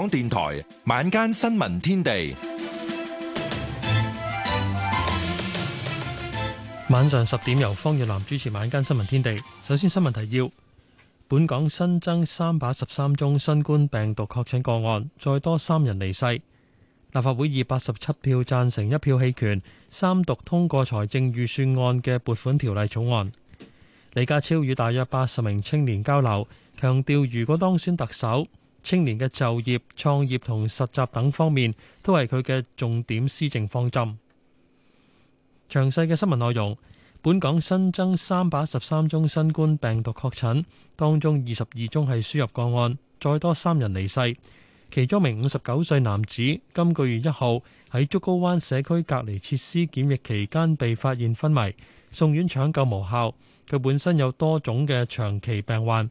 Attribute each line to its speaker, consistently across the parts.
Speaker 1: 港電台晚間新聞天地，晚上十點由方若男主持晚間新聞天地。首先新聞提要：本港新增三百十三宗新冠病毒確診個案，再多三人離世。立法會以八十七票贊成，一票棄權，三讀通過財政預算案嘅撥款條例草案。李家超與大約八十名青年交流，強調如果當選特首，青年嘅就業、創業同實習等方面都係佢嘅重點施政方針。詳細嘅新聞內容，本港新增三百一十三宗新冠病毒確診，當中二十二宗係輸入個案，再多三人離世。其中一名五十九歲男子，今個月一號喺竹篙灣社區隔離設施檢疫期間被發現昏迷，送院搶救無效。佢本身有多種嘅長期病患。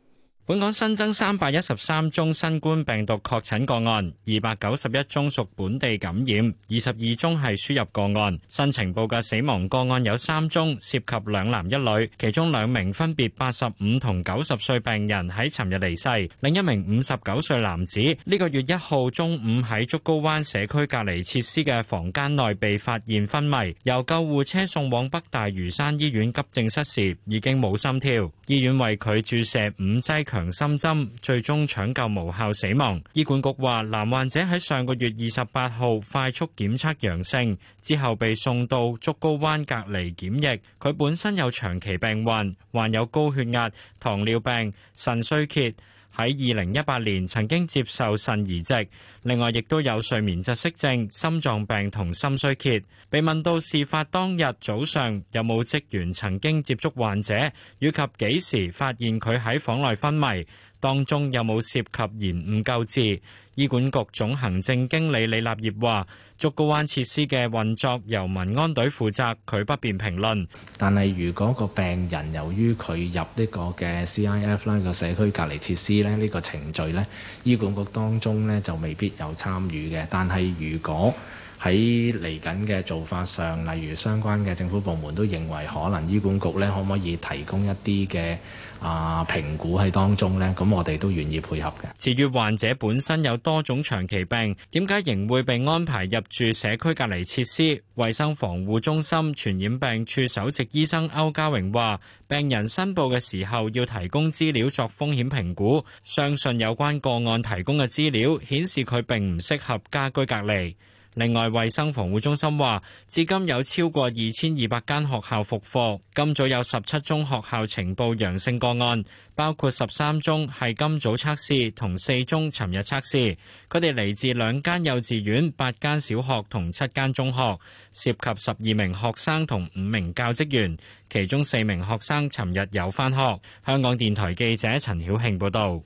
Speaker 1: 本港新增三百一十三宗新冠
Speaker 2: 病毒確診個案，二百九十一宗屬本地感染，二十二宗係輸入個案。新情報嘅死亡個案有三宗，涉及兩男一女，其中兩名分別八十五同九十歲病人喺尋日離世，另一名五十九歲男子呢個月一號中午喺竹篙灣社區隔離設施嘅房間內被發現昏迷，由救護車送往北大嶼山醫院急症室時已經冇心跳，醫院為佢注射五劑。強心針，最終搶救無效死亡。醫管局話，男患者喺上個月二十八號快速檢測陽性之後，被送到竹篙灣隔離檢疫。佢本身有長期病患，患有高血壓、糖尿病、腎衰竭。喺二零一八年曾經接受腎移植，另外亦都有睡眠窒息症、心臟病同心衰竭。被問到事發當日早上有冇職員曾經接觸患者，以及幾時發現佢喺房內昏迷，當中有冇涉及延誤救治？醫管局總行政經理李立業話，竹篙灣設施嘅運作由民安隊負責，佢不便評論。但係如果個病人由於佢入呢個嘅 CIF 啦個社區隔離設施咧，呢、呢個程序呢，醫管局當中呢就未必有參與嘅。但係如果喺嚟緊嘅做法上，例如相關嘅政府部門都認為可能醫管局呢可唔可以提供一啲嘅。啊！呃、評估喺當中呢，咁我哋都願意配合嘅。至於患者本身有多種長期病，點解仍會被安排入住社區隔離設施？衞生防護中心傳染病處首席醫生歐家榮話，病人申報嘅時候要提供資料作風險評估，相信有關個案提供嘅資料顯示佢並唔適合家居隔離。另外，衛生防護中心話，至今有超過二千二百間學校復課。今早有十七宗學校呈報陽性個案，包括十三宗係今早測試，同四宗尋日測試。佢哋嚟自兩間幼稚園、八間小學同七間中學，涉及十二名學生同五名教職員，其中四名學生尋日有
Speaker 1: 翻學。香港電台記者陳曉慶報道。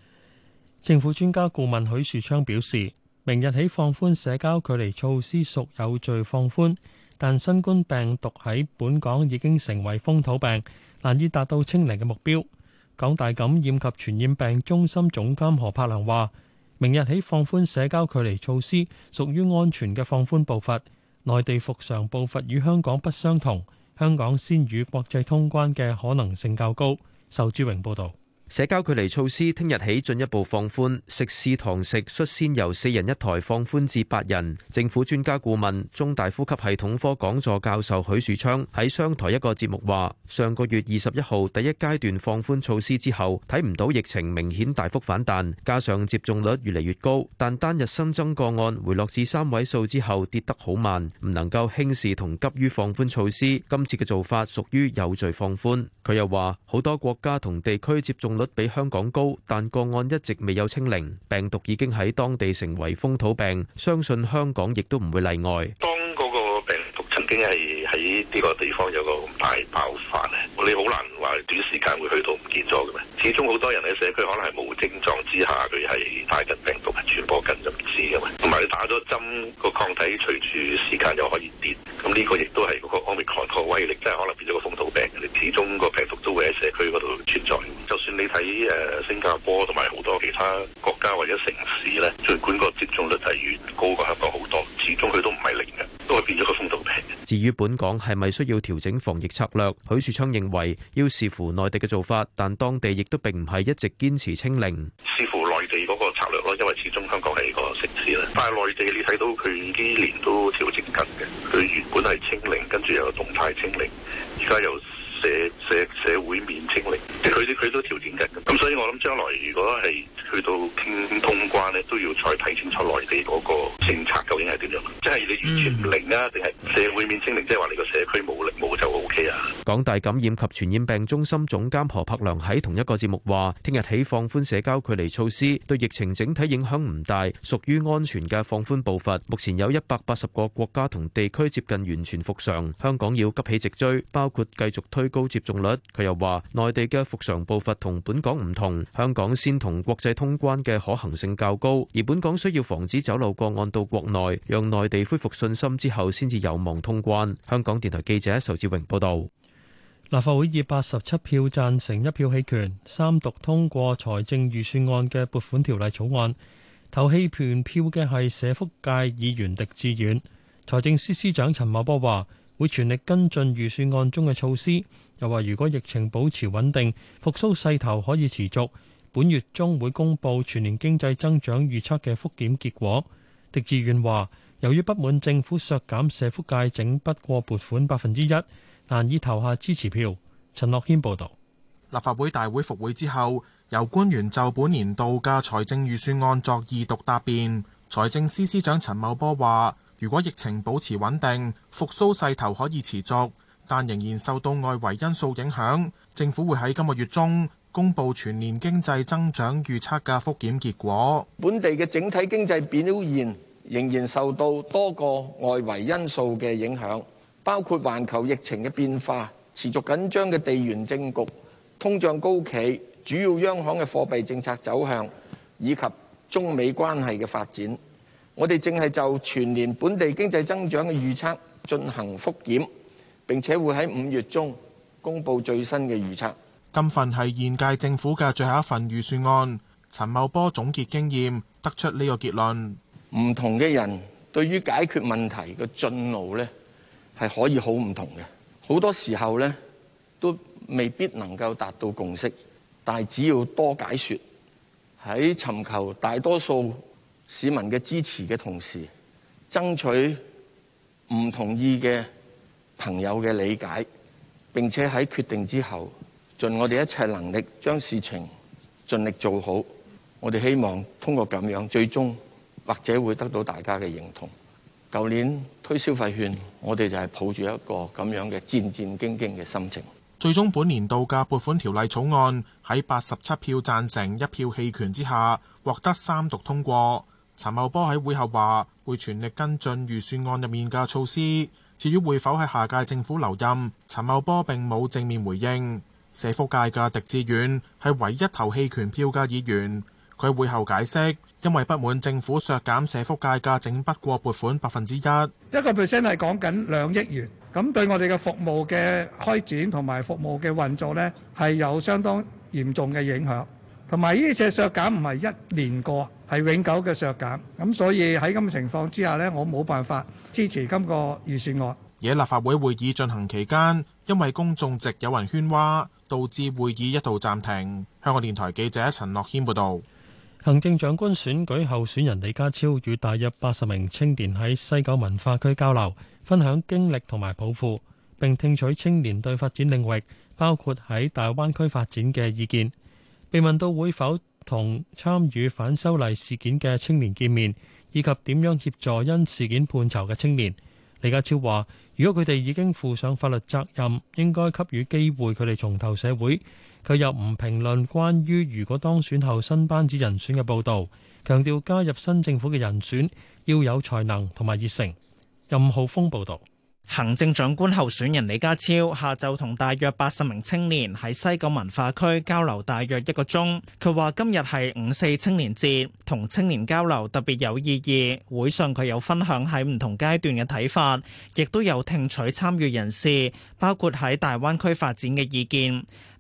Speaker 1: 政府專家顧問許樹昌表示。明日起放寬社交距離措施屬有序放寬，但新冠病毒喺本港已經成為風土病，難以達到清零嘅目標。港大感染及傳染病中心總監何柏良話，明日起放寬社交距離措施屬於安全嘅放寬步伐，內地復常步伐與香港不相同，香港先與國際通關嘅可能性較高。仇志榮報導。
Speaker 3: 社交距離措施聽日起進一步放寬，食肆堂食率先由四人一台放寬至八人。政府專家顧問、中大呼吸系統科講座教授許樹昌喺商台一個節目話：上個月二十一號第一階段放寬措施之後，睇唔到疫情明顯大幅反彈，加上接種率越嚟越高，但單日新增個案回落至三位數之後跌得好慢，唔能夠輕視同急於放寬措施。今次嘅做法屬於有序放寬。佢又話，好多國家同地區接種率，不比香港高，但個案一直未有清零，病毒已經喺當地成為風土病，相信香港亦都唔會例外。當嗰個
Speaker 4: 病毒曾經係喺呢個地方有個咁大爆發咧，你好難話短時間會去到唔見咗嘅嘛。始終好多人喺社區可能係冇症狀之下，佢係帶緊病毒傳播緊就唔知嘅嘛。同埋你打咗針個抗體隨住時間又可以跌，咁呢個亦都係嗰個 omicron 個威力，即係可能變咗個風土病。你始終個病毒都會喺社區嗰度存在。睇誒新加坡同埋好多其他國家或者城市咧，儘管個接種率就越高，過香港好多，
Speaker 3: 始終佢都唔係零嘅，都係變咗個風土病。至於本港係咪需要調整防疫策略？許樹昌認為，要視乎內地嘅做法，但當地亦都並唔係一直堅持清零，視乎內地嗰
Speaker 4: 個策略咯，因為始終香港係個城市啦。但係內地你睇到佢呢年都調整緊嘅，佢原本係清零，跟住又動態清零，而家又寫。社社會面清零，即係佢哋佢都條件嘅咁，所以我諗將來如果係去到傾通關咧，都要再睇清楚內地嗰個政策究竟係點樣，即係你完全零啊，定係社會面清零，即係話你個
Speaker 3: 社區冇力冇就 O K 啊。港大感染及傳染病中心總監何柏良喺同一個節目話，聽日起放寬社交距離措施，對疫情整體影響唔大，屬於安全嘅放寬步伐。目前有一百八十個國家同地區接近完全復常，香港要急起直追，包括繼續推高接種。率佢又話，內地嘅復常步伐同本港唔同，香港先同國際通關嘅可行性較高，而本港需要防止走漏個案到國內，讓內地恢復信心之後，先至有望通關。香港電台記者仇志榮報道。
Speaker 1: 立法會以八十七票贊成一票棄權三讀通過財政預算案嘅撥款條例草案。投棄權票嘅係社福界議員狄志遠。財政司司長陳茂波話會全力跟進預算案中嘅措施。又話，如果疫情保持穩定，復甦勢頭可以持續。本月中會公布全年經濟增長預測嘅復檢結果。狄志遠話，由於不滿政府削減社福界整筆過撥款百分之一，難以投下支持票。陳樂軒報道。立法
Speaker 5: 會大會復會之後，由官員就本年度嘅財政預算案作二讀答辯。財政司司長陳茂波話，如果疫情保持穩定，復甦勢頭可以持續。但仍然受到外圍因素影響，政府會喺今個月中公布全年經濟增長預測嘅復檢結果。本地嘅整
Speaker 6: 體經濟表現仍然受到多個外圍因素嘅影響，包括環球疫情嘅變化、持續緊張嘅地緣政局、通脹高企、主要央行嘅貨幣政策走向以及中美關係嘅發展。我哋正係就全年本地經濟增長嘅預測進行復檢。並且會喺五月中公布最新嘅預測。
Speaker 5: 今份係現屆政府嘅最後一份預算案。陳茂波總結經驗，得出呢個結論：
Speaker 6: 唔同嘅人對於解決問題嘅進路咧，係可以好唔同嘅。好多時候咧，都未必能夠達到共識。但係只要多解說，喺尋求大多數市民嘅支持嘅同時，爭取唔同意嘅朋友嘅理解，並且喺決定之後，盡我哋一切能力將事情盡力做好。我哋希望通過咁樣最終或者會得到大家嘅認同。舊年推消費券，我哋就係抱住一個咁樣嘅戰戰兢兢嘅心情。
Speaker 5: 最終本年度嘅撥款條例草案喺八十七票贊成、一票棄權之下獲得三讀通過。陳茂波喺會後話會全力跟進預算案入面嘅措施。至於會否喺下屆政府留任，陳茂波並冇正面回應。社福界嘅狄志遠係唯一投棄權票嘅議員，佢會後解釋，因為不滿政府削減社福界嘅整筆過撥款百分之一，
Speaker 2: 一個 percent 係講緊兩億元，咁對我哋嘅服務嘅開展同埋服務嘅運作呢，係有相當嚴重嘅影響。同埋呢隻削減唔係一年過，係永久嘅削減，咁所以喺咁嘅情況之下呢，我冇辦法支持今個預算案。
Speaker 5: 而立法會會議進行期間，因為公眾席有人喧譁，導致會議一度暫停。香港電台記者陳樂軒報
Speaker 1: 導，行政長官選舉候選人李家超與大約八十名青年喺西九文化區交流，分享經歷同埋抱負，並聽取青年對發展領域，包括喺大灣區發展嘅意見。被問到會否同參與反修例事件嘅青年見面，以及點樣協助因事件判囚嘅青年，李家超話：如果佢哋已經負上法律責任，應該給予機會佢哋重投社會。佢又唔評論關於如果當選後新班子人選嘅報導，強調加入新政府嘅人選要有才能同埋熱誠。任浩峰報導。
Speaker 7: 行政長官候選人李家超下晝同大約八十名青年喺西九文化區交流大約一個鐘。佢話今日係五四青年節，同青年交流特別有意義。會上佢有分享喺唔同階段嘅睇法，亦都有聽取參與人士包括喺大灣區發展嘅意見。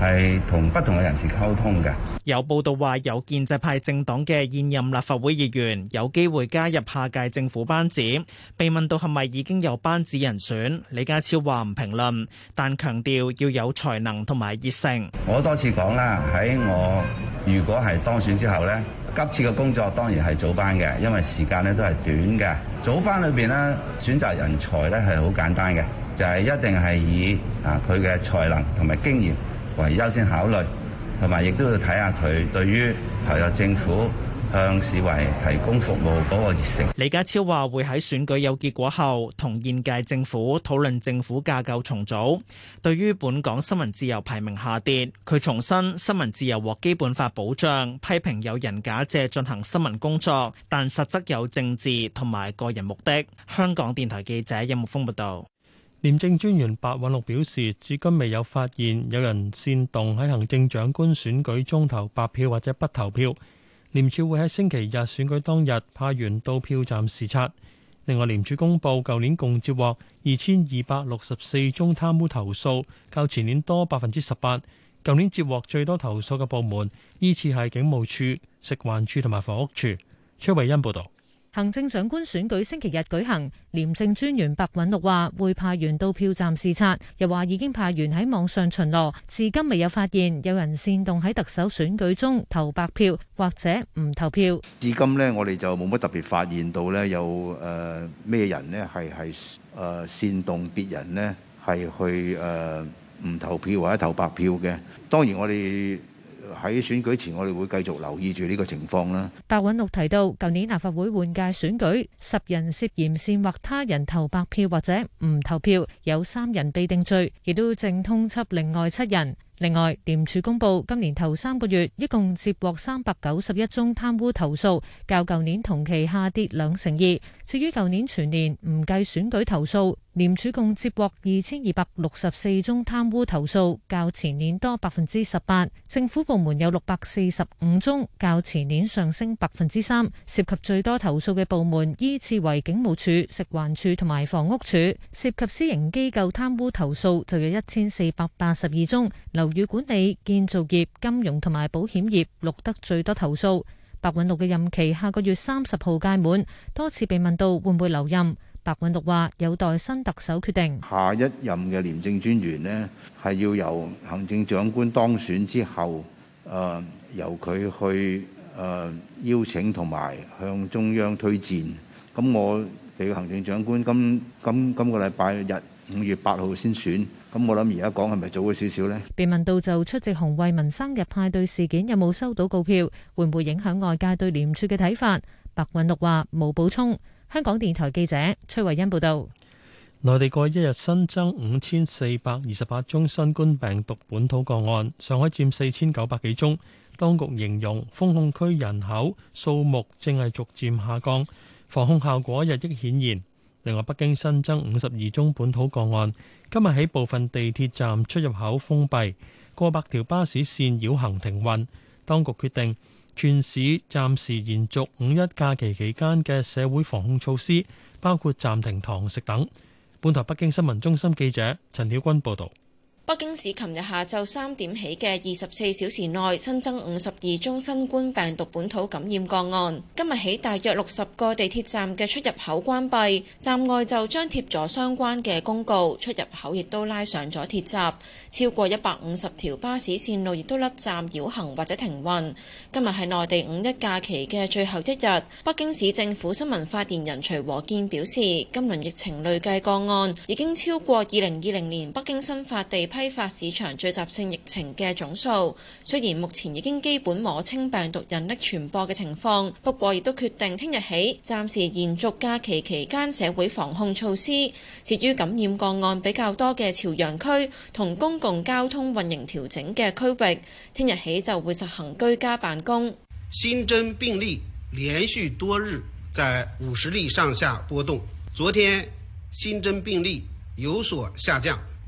Speaker 4: 係同不同嘅人士溝通嘅。
Speaker 7: 有報道話，有建制派政黨嘅現任立法會議員有機會加入下屆政府班子。被問到係咪已經有班子人選，李家超話唔評論，但強調要有才能同埋熱誠。
Speaker 4: 我多次講啦，喺我如果係當選之後呢，急切嘅工作當然係組班嘅，因為時間咧都係短嘅。組班裏邊呢，選擇人才呢係好簡單嘅，就係、是、一定係以啊佢嘅才能同埋經驗。為優先考慮，同埋亦都要睇下佢對於投入政府向市民提供服務嗰個熱誠。
Speaker 7: 李家超話會喺選舉有結果後，同現屆政府討論政府架構重組。對於本港新聞自由排名下跌，佢重申新聞自由獲基本法保障，批評有人假借進行新聞工作，但實則有政治同埋個人目的。香
Speaker 1: 港電台記者任木峯報道。廉政專員白韞六表示，至今未有發現有人煽動喺行政長官選舉中投白票或者不投票。廉署會喺星期日選舉當日派員到票站視察。另外，廉署公布，舊年共接獲二千二百六十四宗貪污投訴，較前年多百分之十八。舊年接獲最多投訴嘅部門，依次係警務處、食環署同埋房屋處。崔慧欣報道。
Speaker 8: 行政長官選舉星期日舉行，廉政專員白韞六話會派員到票站視察，又話已經派員喺網上巡邏，至今未有發現有人煽動喺特首選舉中投白票或者唔投票。
Speaker 4: 至今呢，我哋就冇乜特別發現到呢，有誒咩人呢係係誒煽動別人呢係去誒唔投票或者投白票嘅。當然我哋喺選舉前，我哋會繼續留意住呢個情
Speaker 8: 況啦。白韞六提到，舊年立法會換屆選舉，十人涉嫌煽惑他人投白票或者唔投票，有三人被定罪，亦都正通緝另外七人。另外，廉署公布今年頭三個月一共接獲三百九十一宗貪污投訴，較舊年同期下跌兩成二。至於舊年全年唔計選舉投訴，廉署共接獲二千二百六十四宗貪污投訴，較前年多百分之十八。政府部門有六百四十五宗，較前年上升百分之三。涉及最多投訴嘅部門依次為警務處、食環署同埋房屋處。涉及私營機構貪污投訴就有一千四百八十二宗。樓宇管理、建造業、金融同埋保險業錄得最多投訴。白韞六嘅任期下個月三十號屆滿，多次被問到會唔會留任。白韞六話有待新特首決定。
Speaker 4: 下一任嘅廉政專員咧，係要由行政長官當選之後，誒由佢去誒邀請同埋向中央推薦。咁我哋嘅行政長官今今今個禮拜日。五月八號先選，咁我諗而家講係咪早咗少
Speaker 8: 少呢？被問到就出席洪為民生日派對事件有冇收到告票，會唔會影響外界對廉署嘅睇法？白韞六話冇補充。香港電台記者崔慧欣報道，
Speaker 1: 內地過去一日新增五千四百二十八宗新冠病毒本土個案，上海佔四千九百幾宗。當局形容封控區人口數目正係逐漸下降，防控效果日益顯現。另外，北京新增五十二宗本土個案，今日喺部分地鐵站出入口封閉，過百條巴士線繞行停運，當局決定全市暫時延續五一假期期間嘅社會防控措施，包括暫停堂食等。本台北京新聞中心記者陳曉君報道。
Speaker 9: 北京市琴日下晝三點起嘅二十四小時內新增五十二宗新冠病毒本土感染個案。今日起，大約六十個地鐵站嘅出入口關閉，站外就張貼咗相關嘅公告，出入口亦都拉上咗鐵閘，超過一百五十條巴士線路亦都甩站繞行或者停運，今日係內地五一假期嘅最後一日，北京市政府新聞發言人徐和建表示，今輪疫情累計個案已經超過二零二零年北京新發地批發市場聚集性疫情嘅總數，雖然目前已經基本摸清病毒隱匿傳播嘅情況，不過亦都決定聽日起暫時延續假期期間社會防控措施，至於感染個案比較多嘅朝陽區同公共交通運營調整嘅區域，聽日起就會實行居家辦公。新
Speaker 4: 增病例連續多日在五十例上下波動，昨天新增病例有所下降。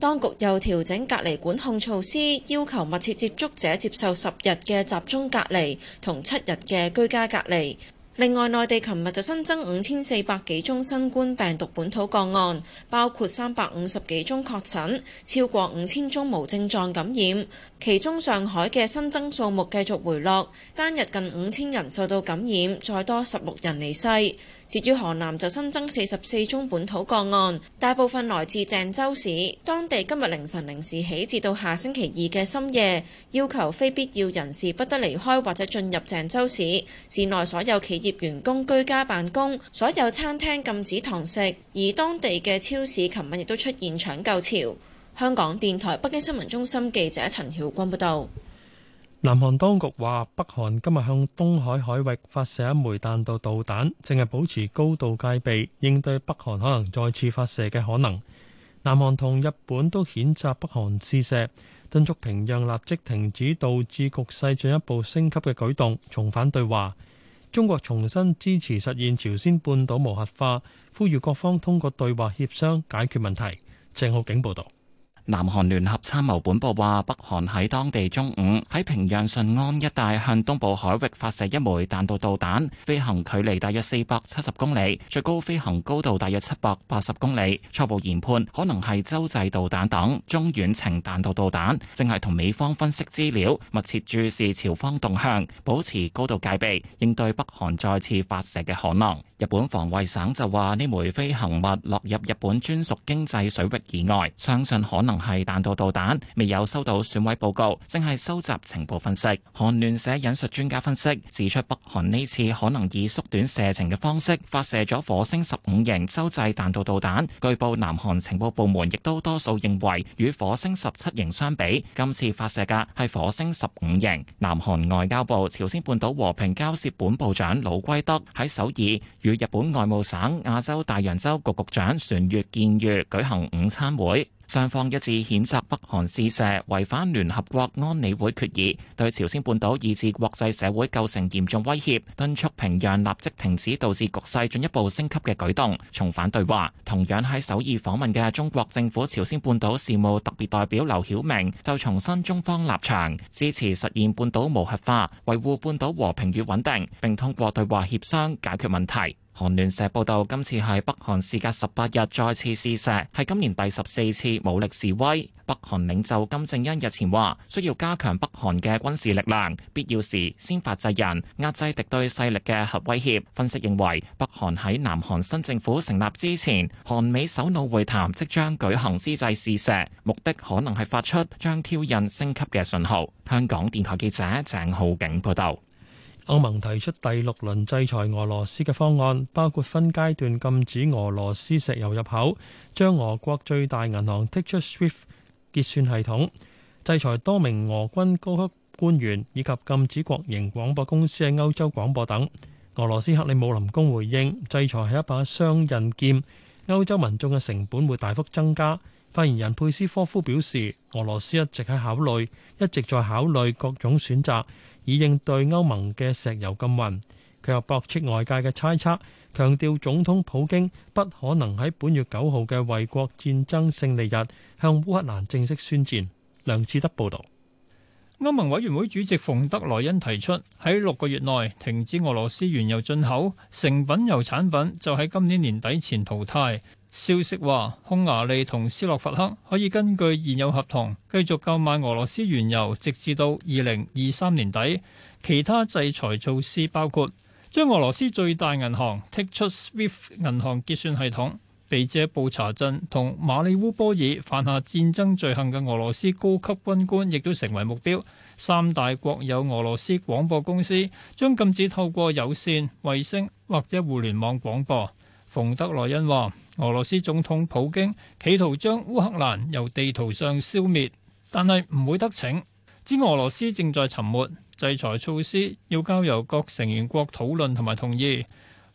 Speaker 9: 當局又調整隔離管控措施，要求密切接觸者接受十日嘅集中隔離同七日嘅居家隔離。另外，內地琴日就新增五千四百幾宗新冠病毒本土個案，包括三百五十幾宗確診，超過五千宗無症狀感染。其中，上海嘅新增數目繼續回落，單日近五千人受到感染，再多十六人離世。至於河南就新增四十四宗本土個案，大部分來自鄭州市。當地今日凌晨零時起至到下星期二嘅深夜，要求非必要人士不得離開或者進入鄭州市。市內所有企業員工居家辦公，所有餐廳禁止堂食。而當地嘅超市琴晚亦都出現搶購潮。香港電台北京新聞中心記者陳曉君報道。
Speaker 1: 南韓當局話，北韓今日向東海海域發射一枚彈道導彈，淨係保持高度戒備，應對北韓可能再次發射嘅可能。南韓同日本都譴責北韓試射，敦促平壤立即停止導致局勢進一步升級嘅舉動，重返對話。中國重申支持實現朝鮮半島無核化，呼籲各方通過對話協商解決問題。鄭浩景報道。
Speaker 10: 南韓聯合參謀本部話，北韓喺當地中午喺平壤順安一帶向東部海域發射一枚彈道導彈，飛行距離大約四百七十公里，最高飛行高度大約七百八十公里。初步研判可能係洲際導彈等中遠程彈道導彈，正係同美方分析資料，密切注視朝方動向，保持高度戒備，應對北韓再次發射嘅可能。日本防衛省就話，呢枚飛行物落入日本專屬經濟水域以外，相信可能係彈道導彈，未有收到損毀報告，淨係收集情報分析。韓聯社引述專家分析指出，北韓呢次可能以縮短射程嘅方式發射咗火星十五型洲際彈道導彈。據報，南韓情報部門亦都多數認為，與火星十七型相比，今次發射嘅係火星十五型。南韓外交部朝鮮半島和平交涉本部長魯圭德喺首爾與日本外務省亞洲大洋洲局局長船越健裕舉行午餐會。雙方一致譴責北韓試射違反聯合國安理會決議，對朝鮮半島以至國際社會構成嚴重威脅，敦促平壤立即停止導致局勢進一步升級嘅舉動，重返對話。同樣喺首爾訪問嘅中國政府朝鮮半島事務特別代表劉曉明就重申中方立場，支持實現半島無核化，維護半島和平與穩定，並通過對話協商解決問題。韓聯社報道，今次係北韓時隔十八日再次試射，係今年第十四次武力示威。北韓領袖金正恩日前話，需要加強北韓嘅軍事力量，必要時先發制人，壓制敵對勢力嘅核威脅。分析認為，北韓喺南韓新政府成立之前，韓美首腦會談即將舉行之際試射，目的可能係發出將挑釁升級嘅信號。香港電台記者鄭浩景報道。
Speaker 1: 歐盟提出第六輪制裁俄羅斯嘅方案，包括分階段禁止俄羅斯石油入口，將俄國最大銀行剔出 SWIFT 結算系統，制裁多名俄軍高級官員，以及禁止國營廣播公司喺歐洲廣播等。俄羅斯克里姆林宮回應，制裁係一把雙刃劍，歐洲民眾嘅成本會大幅增加。發言人佩斯科夫表示，俄羅斯一直喺考慮，一直在考慮各種選擇，以應對歐盟嘅石油禁運，佢又駁斥外界嘅猜測，強調總統普京不可能喺本月九號嘅衛國戰爭勝利日向烏克蘭正式宣戰。梁志德報導，
Speaker 11: 歐盟委員會主席馮德萊恩提出喺六個月內停止俄羅斯原油進口，成品油產品就喺今年年底前淘汰。消息話，匈牙利同斯洛伐克可以根據現有合同繼續購買俄羅斯原油，直至到二零二三年底。其他制裁措施包括將俄羅斯最大銀行剔出 SWIFT 銀行結算系統。被指布查鎮同馬里烏波爾犯下戰爭罪行嘅俄羅斯高級軍官，亦都成為目標。三大國有俄羅斯廣播公司將禁止透過有線、衛星或者互聯網廣播。馮德萊恩話。俄羅斯總統普京企圖將烏克蘭由地圖上消滅，但係唔會得逞。知俄羅斯正在沉沒，制裁措施要交由各成員國討論同埋同意。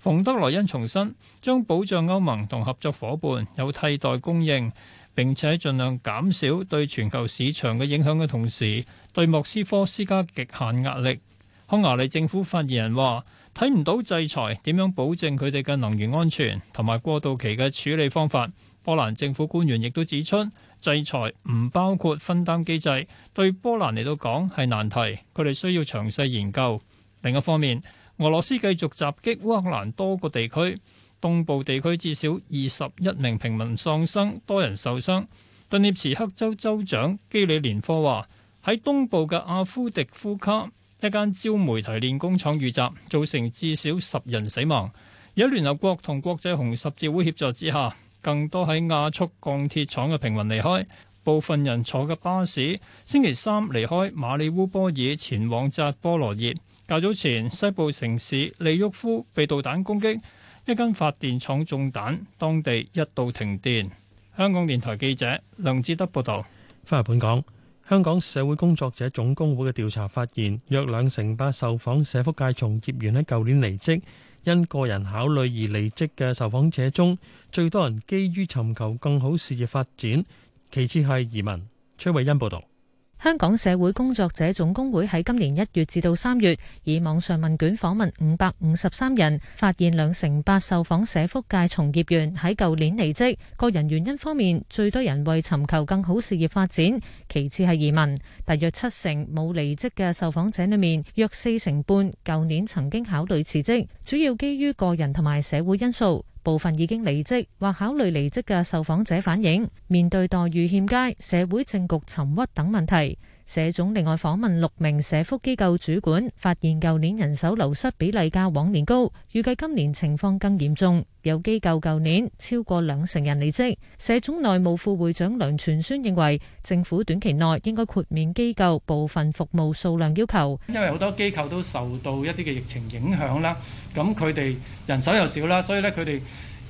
Speaker 11: 馮德萊恩重申，將保障歐盟同合作夥伴有替代供應，並且盡量減少對全球市場嘅影響嘅同時，對莫斯科施加極限壓力。匈牙利政府發言人話：睇唔到制裁點樣保證佢哋嘅能源安全同埋過渡期嘅處理方法。波蘭政府官員亦都指出，制裁唔包括分擔機制，對波蘭嚟到講係難題，佢哋需要詳細研究。另一方面，俄羅斯繼續襲擊烏克蘭多個地區，東部地區至少二十一名平民喪生，多人受傷。頓涅茨克州州長基里連科話，喺東部嘅阿夫迪夫卡。一間焦煤提煉工廠遇襲，造成至少十人死亡。有聯合國同國際紅十字會協助之下，更多喺亞速鋼鐵廠嘅平民離開。部分人坐嘅巴士，星期三離開馬里烏波爾，前往扎波羅熱。較早前，西部城市利沃夫被導彈攻擊，一間發電廠中彈，當地一度停電。
Speaker 1: 香港電台記者梁志德報道。翻嚟本港。香港社會工作者總工會嘅調查發現，約兩成八受訪社福界從業員喺舊年離職，因個人考慮而離職嘅受訪者中，最多人基於尋求更好事業發展，其次係移民。崔慧欣報道。
Speaker 8: 香港社會工作者總工會喺今年一月至到三月，以網上問卷訪問五百五十三人，發現兩成八受訪社福界從業員喺舊年離職，個人原因方面，最多人為尋求更好事業發展，其次係移民。大約七成冇離職嘅受訪者裏面，約四成半舊年曾經考慮辭職，主要基於個人同埋社會因素。部分已經離職或考慮離職嘅受訪者反映，面對待遇欠佳、社會政局沉鬱等問題。社總另外訪問六名社福機構主管，發現舊年人手流失比例較往年高，預計今年情況更嚴重。有機構舊年超過兩成人離職。社總內務副會長梁傳宣認為，政府短期內應該豁免機構部分服務數量要求，
Speaker 11: 因為好多機構都受到一啲嘅疫情影響啦，咁佢哋人手又少啦，所以呢佢哋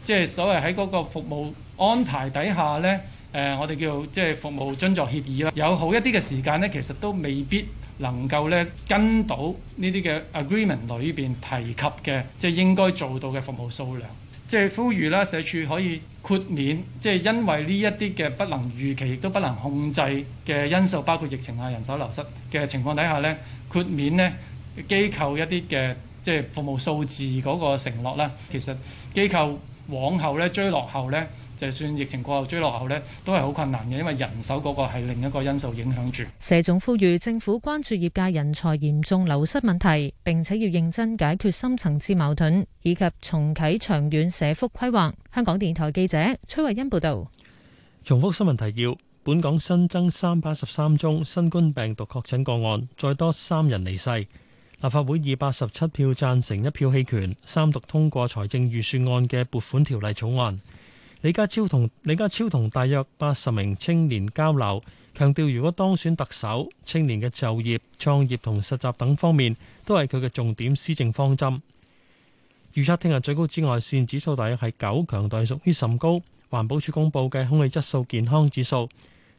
Speaker 11: 即係所謂喺嗰個服務安排底下呢。誒、呃，我哋叫即係服務遵作協議啦。有好一啲嘅時間呢，其實都未必能夠咧跟到呢啲嘅 agreement 裏邊提及嘅即係應該做到嘅服務數量。即係呼籲啦，社署可以豁免，即係因為呢一啲嘅不能預期亦都不能控制嘅因素，包括疫情啊、人手流失嘅情況底下呢，豁免呢機構一啲嘅即係服務數字嗰個承諾啦。其實機構往後咧追落後呢，就算疫情過後追落後呢都係好困難嘅，因為人手嗰個係另一個因素影響住。
Speaker 8: 社總呼籲政府關注業界人才嚴重流失問題，並且要認真解決深層次矛盾，以及重啟長遠社福規劃。香港電台記者崔慧欣報道：
Speaker 1: 「重複新聞提要：本港新增三百一十三宗新冠病毒確診個案，再多三人離世。立法會以八十七票贊成，一票棄權，三讀通過財政預算案嘅撥款條例草案。李家超同李家超同大約八十名青年交流，強調如果當選特首，青年嘅就業、創業同實習等方面都係佢嘅重點施政方針。預測聽日最高紫外線指數大約係九，強度係屬於甚高。環保署公布嘅空氣質素健康指數，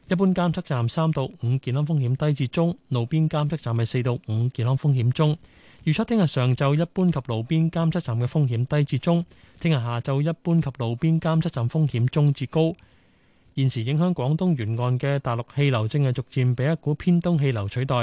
Speaker 1: 一般監測站三到五，健康風險低至中；路邊監測站係四到五，健康風險中。預測聽日上晝一般及路邊監測站嘅風險低至中。聽日下晝一般及路邊監測站風險中至高。現時影響廣東沿岸嘅大陸氣流正係逐漸被一股偏東氣流取代。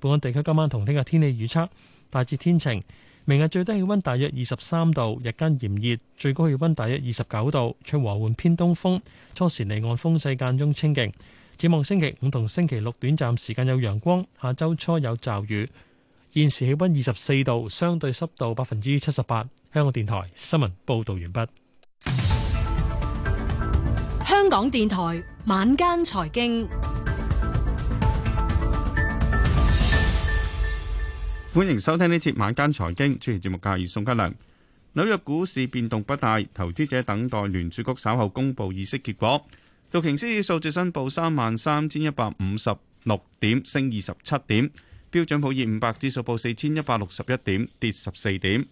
Speaker 1: 本港地區今晚同聽日天氣預測大致天晴。明日最低氣温大約二十三度，日間炎熱，最高氣温大約二十九度，吹和緩偏東風。初時離岸風勢間中清勁。展望星期五同星期六短暫時間有陽光，下周初有驟雨。現時氣温二十四度，相對濕度百分之七十八。香港電台新聞報道完畢。
Speaker 12: 香港電台晚間財經，
Speaker 13: 歡迎收聽呢次《晚間財經》。主持節目嘅係宋嘉良。紐約股市變動不大，投資者等待聯儲局稍後公布議息結果。道瓊斯指數最新報三萬三千一百五十六點，升二十七點。標準普爾五百指數報四千一百六十一點，跌十四點。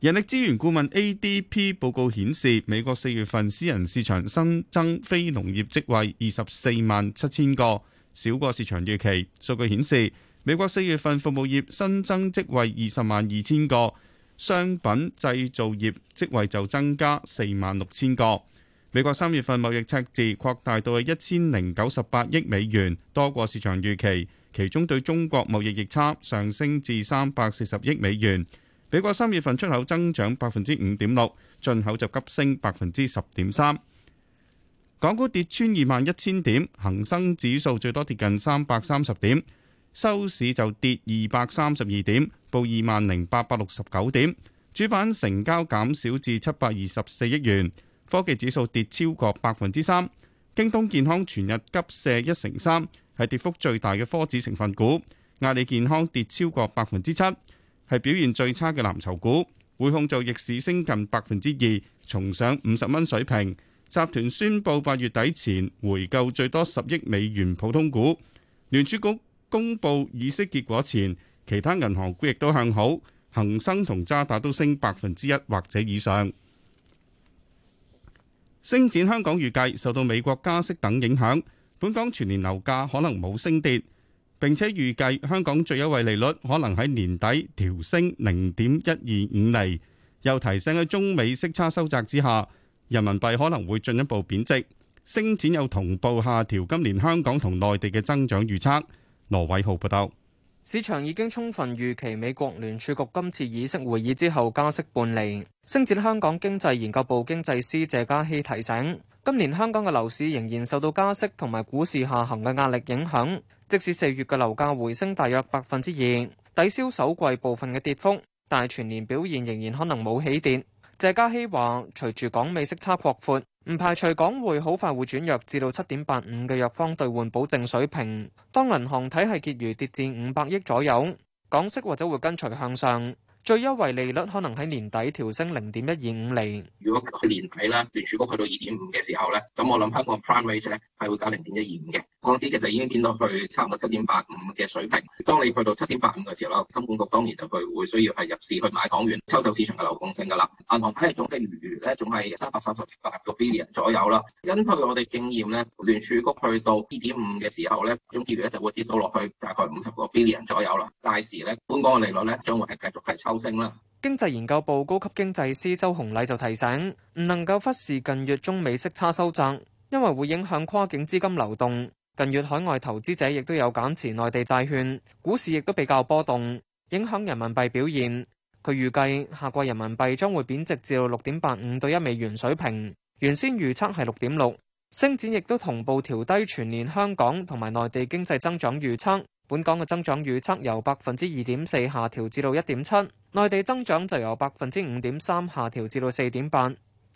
Speaker 13: 人力資源顧問 ADP 報告顯示，美國四月份私人市場新增非農業職位二十四萬七千個，少過市場預期。數據顯示，美國四月份服務業新增職位二十萬二千個，商品製造業職位就增加四萬六千個。美國三月份貿易赤字擴大到一千零九十八億美元，多過市場預期。其中對中國貿易逆差上升至三百四十億美元，美國三月份出口增長百分之五點六，進口就急升百分之十點三。港股跌穿二萬一千點，恒生指數最多跌近三百三十點，收市就跌二百三十二點，報二萬零八百六十九點。主板成交減少至七百二十四億元，科技指數跌超過百分之三，京東健康全日急瀉一成三。係跌幅最大嘅科指成分股，阿里健康跌超過百分之七，係表現最差嘅藍籌股。匯控就逆市升近百分之二，重上五十蚊水平。集團宣布八月底前回購最多十億美元普通股。聯儲局公布議息結果前，其他銀行股亦都向好，恒生同渣打都升百分之一或者以上。星展香港預計受到美國加息等影響。本港全年樓價可能冇升跌，並且預計香港最優惠利率可能喺年底調升零點一二五厘，又提醒喺中美息差收窄之下，人民幣可能會進一步貶值，星展又同步下調今年香港同內地嘅增長預測。羅偉浩報道，
Speaker 14: 市場已經充分預期美國聯儲局今次議息會議之後加息半厘。星展香港經濟研究部經濟師謝嘉希提醒。今年香港嘅樓市仍然受到加息同埋股市下行嘅壓力影響，即使四月嘅樓價回升大約百分之二，抵消首季部分嘅跌幅，但係全年表現仍然可能冇起跌。謝嘉希話，隨住港美息差擴闊，唔排除港匯好快會轉弱至到七點八五嘅弱方兌換保證水平。當銀行體系結餘跌至五百億左右，港息或者會跟隨向上。最優惠利率可能喺年底調升零點一二五厘。
Speaker 6: 如果去年底咧，聯儲局去到二點五嘅時候咧，咁我諗香港 prime rate 咧係會加零點一二五嘅。港紙其實已經變到去差唔多七點八五嘅水平。當你去到七點八五嘅時候咧，金管局當然就佢會需要係入市去買港元，抽走市場嘅流動性㗎啦。銀行體系總結餘咧，仲係三百三十八個 billion 左右啦。根據我哋經驗咧，聯儲局去到二點五嘅時候咧，總結餘咧就會跌到落去大概五十個 billion 左右啦。屆時咧，本港嘅利率咧將會係繼續係構成
Speaker 14: 經濟研究部高級經濟師周洪禮就提醒，唔能夠忽視近月中美息差收窄，因為會影響跨境資金流動。近月海外投資者亦都有減持內地債券，股市亦都比較波動，影響人民幣表現。佢預計下季人民幣將會貶值至到六點八五對一美元水平，原先預測係六點六。升展亦都同步調低全年香港同埋內地經濟增長預測。本港嘅增長預測由百分之二點四下調至到一點七。內地增長就由百分之五點三下調至到四點八。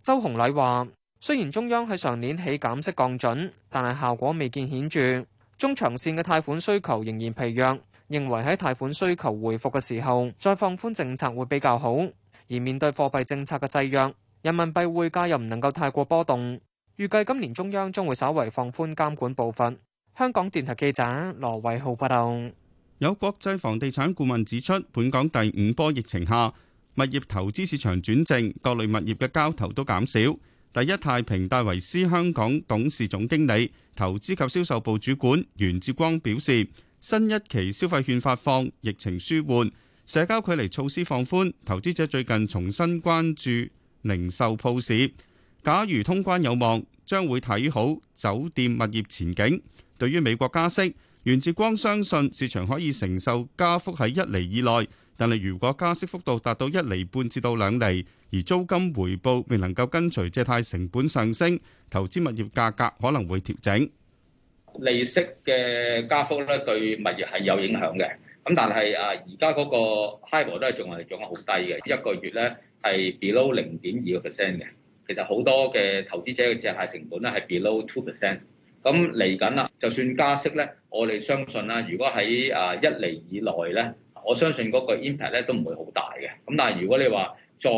Speaker 14: 周紅禮話：雖然中央喺上年起減息降準，但係效果未見顯著。中長線嘅貸款需求仍然疲弱，認為喺貸款需求回復嘅時候再放寬政策會比較好。而面對貨幣政策嘅制約，人民幣匯價又唔能夠太過波動。預計今年中央將會稍為放寬監管部分。香港電台記者羅偉浩報道。
Speaker 13: 有國際房地產顧問指出，本港第五波疫情下，物業投資市場轉靜，各類物業嘅交投都減少。第一太平戴維斯香港董事總經理、投資及銷售部主管袁志光表示：新一期消費券發放，疫情舒緩，社交距離措施放寬，投資者最近重新關注零售鋪市。假如通關有望，將會睇好酒店物業前景。對於美國加息，袁志光相信市場可以承受加幅喺一厘以內，但係如果加息幅度達到一厘半至到兩厘，而租金回報未能夠跟隨借貸成本上升，投資物業價格可能會調整。
Speaker 15: 利息嘅加幅咧，對物業係有影響嘅，咁但係啊，而家嗰個 HIBOR 都係仲係漲得好低嘅，一個月咧，係 below 零點二個 percent 嘅，其實好多嘅投資者嘅借貸成本咧，係 below two percent。咁嚟緊啦，就算加息咧，我哋相信啦、啊，如果喺啊一厘以內咧，我相信嗰個 impact 咧都唔會好大嘅。咁但係如果你話再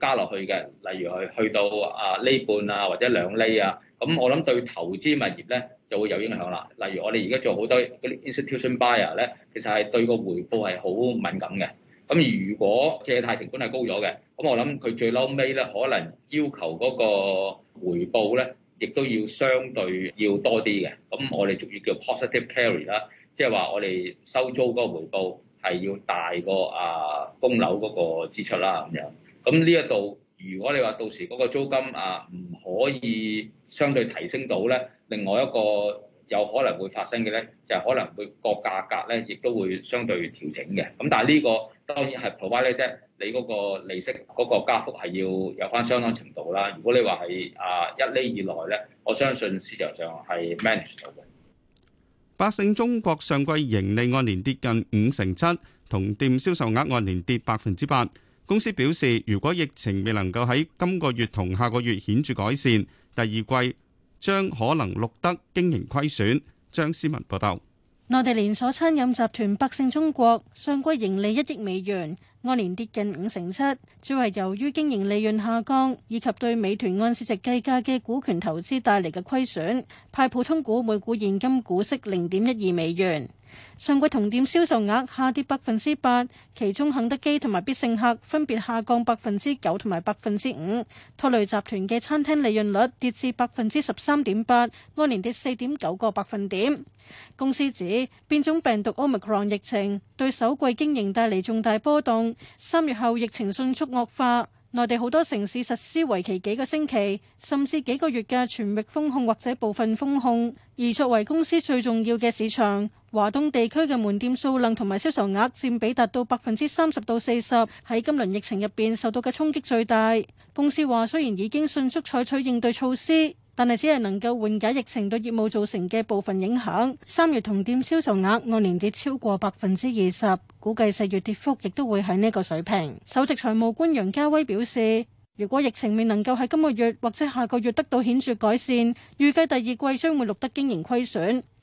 Speaker 15: 加落去嘅，例如去去到啊厘半啊或者兩厘啊，咁我諗對投資物業咧就會有影響啦。例如我哋而家做好多嗰啲 institution buyer 咧，其實係對個回報係好敏感嘅。咁如果借貸成本係高咗嘅，咁我諗佢最嬲尾咧，可能要求嗰個回報咧。亦都要相對要多啲嘅。咁我哋俗語叫 positive carry 啦，即係話我哋收租嗰個回報係要大過啊供樓嗰個支出啦咁樣。咁呢一度如果你話到時嗰個租金啊唔可以相對提升到咧，另外一個有可能會發生嘅咧，就係、可能會個價格咧亦都會相對調整嘅。咁但係呢、呢個當然係 provide 啫，你嗰個利息嗰個加幅係要有翻相當程度啦。如果你話係啊一厘以內咧，我相信市場上係 manage 到
Speaker 13: 嘅。百勝中國上季盈利按年跌近五成七，同店銷售額按年跌百分之八。公司表示，如果疫情未能夠喺今個月同下個月顯著改善，第二季將可能錄得經營虧損。張思文報道。
Speaker 12: 內地連鎖餐飲集團百勝中國上季盈利一億美元，按年跌近五成七，主要由於經營利潤下降以及對美團按市值計價嘅股權投資帶嚟嘅虧損，派普通股每股現金股息零點一二美元。上季同店銷售額下跌百分之八，其中肯德基同埋必勝客分別下降百分之九同埋百分之五，拖累集團嘅餐廳利潤率跌至百分之十三點八，按年跌四點九個百分點。公司指變種病毒 Omicron 疫情對首季經營帶嚟重大波動，三月後疫情迅速惡化，內地好多城市實施為期幾個星期甚至幾個月嘅全域封控或者部分封控，而作為公司最重要嘅市場。華東地區嘅門店數量同埋銷售額占比達到百分之三十到四十，喺今輪疫情入邊受到嘅衝擊最大。公司話雖然已經迅速採取應對措施，但係只係能夠緩解疫情對業務造成嘅部分影響。三月同店銷售額按年跌超過百分之二十，估計四月跌幅亦都會喺呢個水平。首席財務官楊家威表示，如果疫情未能夠喺今個月或者下個月得到顯著改善，預計第二季將會錄得經營虧損。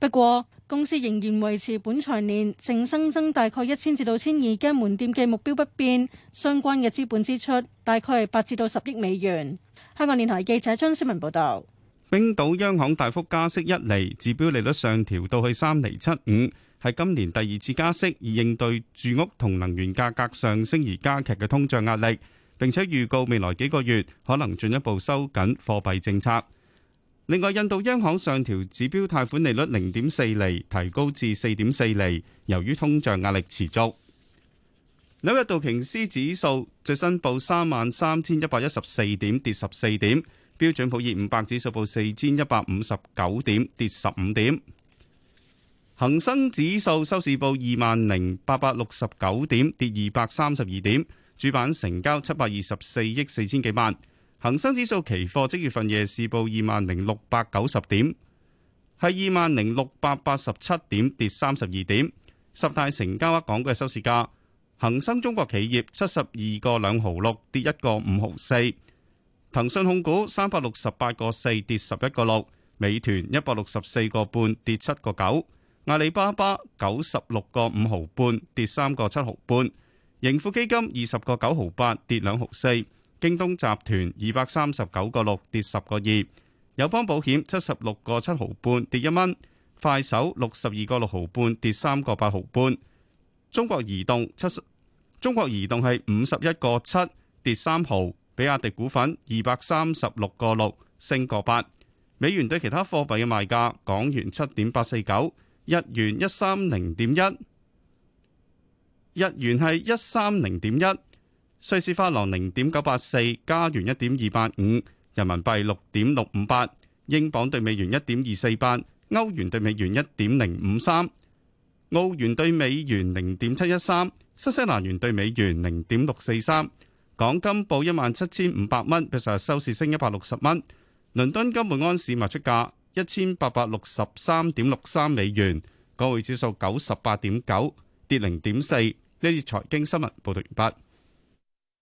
Speaker 12: 不過，公司仍然維持本財年淨新增，增大概一千至到千二間門店嘅目標不變，相關嘅資本支出大概係八至到十億美元。香港電台記者張思文報道。
Speaker 13: 冰島央行大幅加息一厘，指標利率上調到去三厘七五，係今年第二次加息，以應對住屋同能源價格上升而加劇嘅通脹壓力。並且預告未來幾個月可能進一步收緊貨幣政策。另外，印度央行上調指標貸款利率零點四厘，提高至四點四厘。由於通脹壓力持續，紐約道瓊斯指數最新報三萬三千一百一十四點，跌十四點；標準普爾五百指數報四千一百五十九點，跌十五點。恒生指數收市報二萬零八百六十九點，跌二百三十二點。主板成交七百二十四億四千幾萬。恒生指數期貨即月份夜市報二萬零六百九十點，係二萬零六百八十七點，跌三十二點。十大成交額港股嘅收市價，恒生中國企業七十二個兩毫六，跌一個五毫四；騰訊控股三百六十八個四，跌十一個六；美團一百六十四個半，跌七個九；阿里巴巴九十六個五毫半，跌三個七毫半；盈富基金二十個九毫八，跌兩毫四。京東集團二百三十九個六跌十個二，友邦保險七十六個七毫半跌一蚊，快手六十二個六毫半跌三個八毫半，中國移動七十，中國移動係五十一個七跌三毫，比亞迪股份二百三十六個六升個八，美元對其他貨幣嘅賣價，港元七點八四九，日元一三零點一，日元係一三零點一。瑞士法郎零點九八四，加元一點二八五，人民幣六點六五八，英鎊兌美元一點二四八，歐元兌美元一點零五三，澳元兌美元零點七一三，新西蘭元兌美元零點六四三。港金報一萬七千五百蚊，比上日收市升一百六十蚊。倫敦金每安士賣出價一千八百六十三點六三美元，港匯指數九十八點九跌零點四。呢啲財經新聞報道完畢。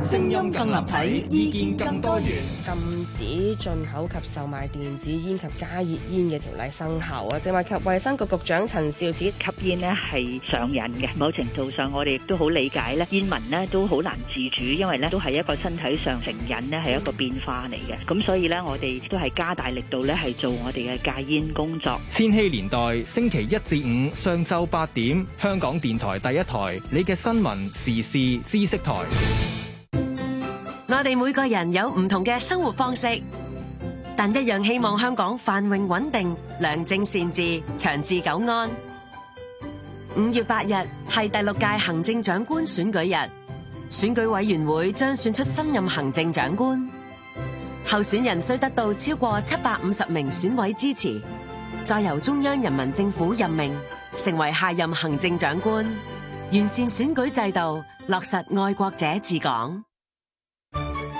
Speaker 11: 聲音更立體，意見更多元。
Speaker 16: 禁止進口及售賣電子煙及加熱煙嘅條例生效啊！正話，及衛生局局長陳肇始，吸煙呢係上癮嘅。某
Speaker 8: 程度上，我哋都好理解咧，煙民呢都好難自主，因為呢都係一個身體上成癮呢係一個變化嚟嘅。咁、嗯、所以呢，我哋都係加大力度呢，係做我哋嘅戒煙工作。
Speaker 7: 千禧年代星期一至五上晝八點，香港電台第一台，你嘅新聞時事知識台。
Speaker 8: 我哋每個人有唔同嘅生活方式，但一樣希望香港繁榮穩定、良政善治、長治久安。五月八日係第六屆行政長官選舉日，選舉委員會將選出新任行政長官。候選人須得到超過七百五十名選委支持，再由中央人民政府任命，成為下任行政長官。完善選舉制度，落實愛國者治港。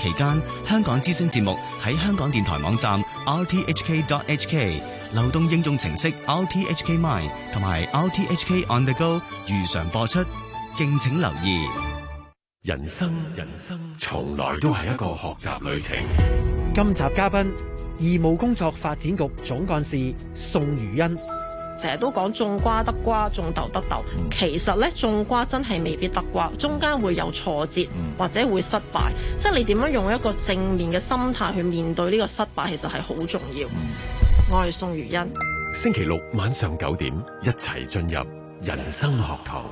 Speaker 15: 期間，香港之星節目喺香港電台網站 rthk.hk、流動應用程式 rthk mine 同埋 rthk on the go 如常播出，敬請留意。人
Speaker 11: 生人生從來都係一個學習旅程。
Speaker 3: 今集嘉賓，義務工作發展局總幹事宋如恩。
Speaker 12: 成日都講種瓜得瓜，種豆得豆。其實咧，種瓜真係未必得瓜，中間會有挫折，或者會失敗。即係你點樣用一個正面嘅心態去面對呢個失敗，其實係
Speaker 8: 好重要。我係宋如欣。
Speaker 11: 星期六晚上九點，一齊進入人生學堂。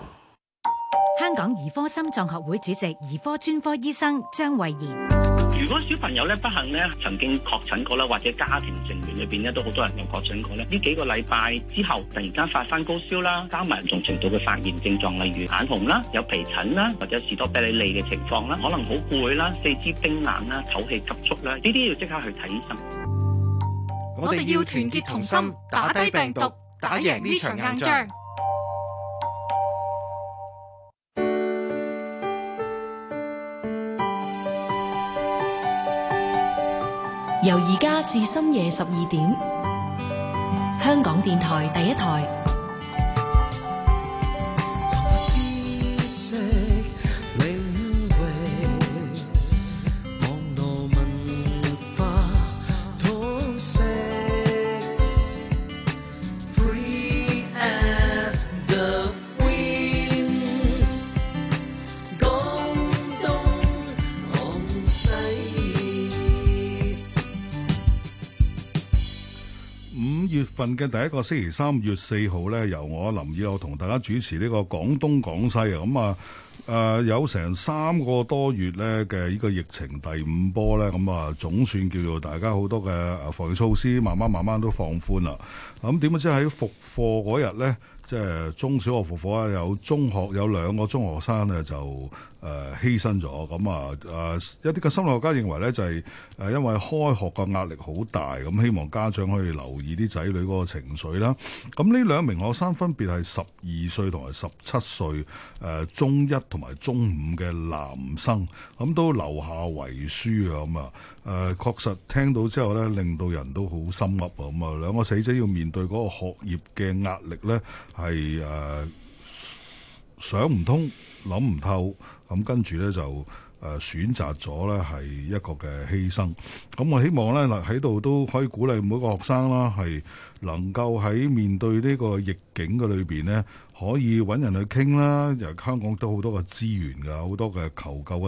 Speaker 8: 香港兒科心臟學會主席、兒科專科醫生張慧賢。
Speaker 15: 如果小朋友咧不幸咧曾經確診過啦，或
Speaker 10: 者家庭成員裏邊咧都好多人有確診過咧，呢幾個禮拜之後突然間發生高燒啦，加埋嚴重程度嘅發炎症狀，例如眼紅啦、有皮疹啦，或者士多啤梨脷嘅情況啦，可能好攰啦、四肢冰冷啦、唞氣急促咧，呢啲要即刻去睇醫生。我哋要團結同
Speaker 12: 心，同心打低病毒，打贏贏呢場硬仗。
Speaker 8: 由而家至深夜十二點，香港電台第一台。
Speaker 16: 月份嘅第一個星期三，三月四號咧，由我林以樂同大家主持呢個廣東廣西啊，咁、嗯、啊，誒、呃、有成三個多月咧嘅呢個疫情第五波咧，咁、嗯、啊總算叫做大家好多嘅防疫措施慢慢慢慢都放寬啦。咁點啊？即喺復課嗰日咧。即係中小學復課啊！有中學有兩個中學生咧就誒、呃、犧牲咗咁啊誒一啲嘅心理學家認為咧就係、是、誒因為開學嘅壓力好大，咁、嗯、希望家長可以留意啲仔女嗰個情緒啦。咁、嗯、呢兩名學生分別係十二歲同埋十七歲誒、呃、中一同埋中五嘅男生，咁、嗯、都留下遺書啊咁啊誒確實聽到之後咧，令到人都好心噏啊咁啊兩個死者要面對嗰個學業嘅壓力咧。係誒、呃、想唔通諗唔透，咁、嗯、跟住咧就誒、呃、選擇咗咧係一個嘅犧牲。咁、嗯、我希望咧嗱喺度都可以鼓勵每個學生啦，係能夠喺面對個面呢個逆境嘅裏邊咧，可以揾人去傾啦。又、呃、香港都好多嘅資源㗎，好多嘅求救。